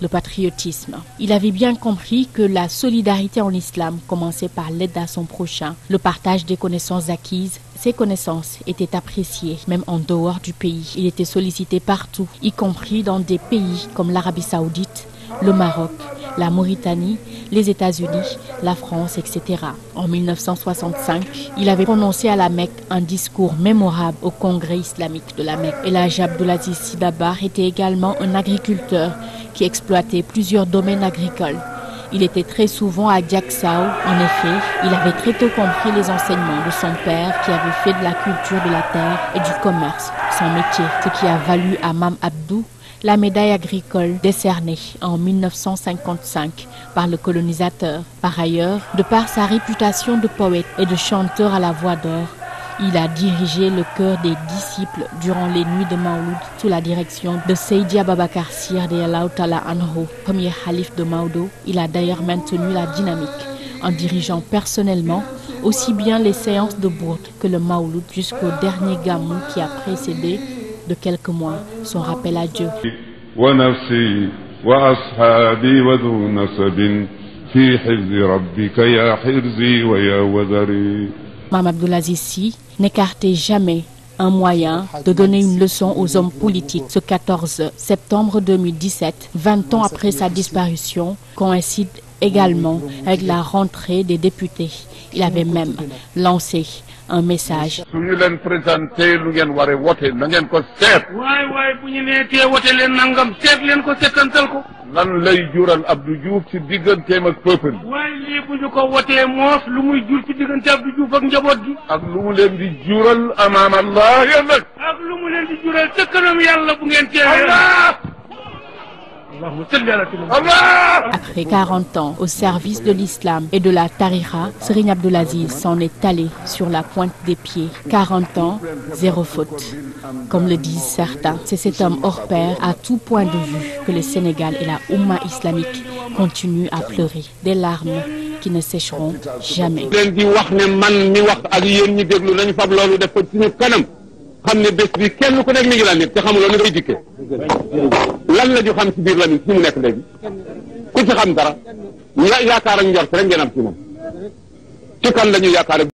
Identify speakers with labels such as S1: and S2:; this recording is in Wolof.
S1: le patriotisme. Il avait bien compris que la solidarité en islam commençait par l'aide à son prochain, le partage des connaissances acquises. Ces connaissances étaient appréciées, même en dehors du pays. Il était sollicité partout, y compris dans des pays comme l'Arabie saoudite, le Maroc, la Mauritanie les États-Unis, la France, etc. En 1965, il avait prononcé à la Mecque un discours mémorable au Congrès islamique de la Mecque. El Hadj Abdulaziz Sy était également un agriculteur qui exploitait plusieurs domaines agricoles. Il était très souvent à Diaksao. En effet, il avait très tôt compris les enseignements de son père qui avait fait de la culture de la terre et du commerce son métier, ce qui a valu à la médaille agricole décernée en 1955 par le colonisateur. Par ailleurs, de par sa réputation de poète et de chanteur à la voix d'or, il a dirigé le cœur des disciples durant les nuits de Maouloud sous la direction de Seydi Ababakar Sir de Lautala Anho, premier calife de Maoudo. Il a d'ailleurs maintenu la dynamique en dirigeant personnellement aussi bien les séances de bourde que le Maouloud jusqu'au dernier gamou qui a précédé de quelques mois son rappel à Dieu.
S2: wa nafsi wa ashaabi wa du nasabin fi hifzi rabbika ya hirzi wa ya wazari.
S1: Mame Abdoul n'écartait jamais un moyen de donner une leçon aux hommes politiques. Ce septembre 2017, ans après sa disparition, coïncide également avec la rentrée des députés. Il avait même lancé un message. su
S2: ñu leen présenté lu ngeen ware wote na ngeen ko seet. waaye waay bu ñu nee tee wote leen nangam seet leen ko seetantal ko. lan lay jural Abdou Diouf ci digganteem ak peuple. waaye lii bu ñu ko wotee moos lu muy jur ci diggante Abdou Diouf ak njaboot gi. ak lu mu leen di jural amaam Allah yàlla. ak lu mu leen di jural ca kanam yàlla bu ngeen teewee.
S1: Après 40 ans au service de l'islam et de la tariqa, Serigne Abdoul s'en est allé sur la pointe des pieds. 40 ans, zéro faute. Comme le disent certains, c'est cet homme hors pair à tout point de vue que le Sénégal et la Oumma islamique continuent à pleurer des larmes qui ne sécheront jamais.
S2: leen di wax ne man mi wax ak yéen ñi déglu nañu fab loolu def ko suñu kanam xam ne bés bi kenn ku nekk mi ngi la nit te xamuloo ni koy dikkee lan la ñu xam ci biir Lamine ci mu nekk léegi ku ci xam dara ya yaakaar ak njort rek ngeen am ci moom ci kan la ñu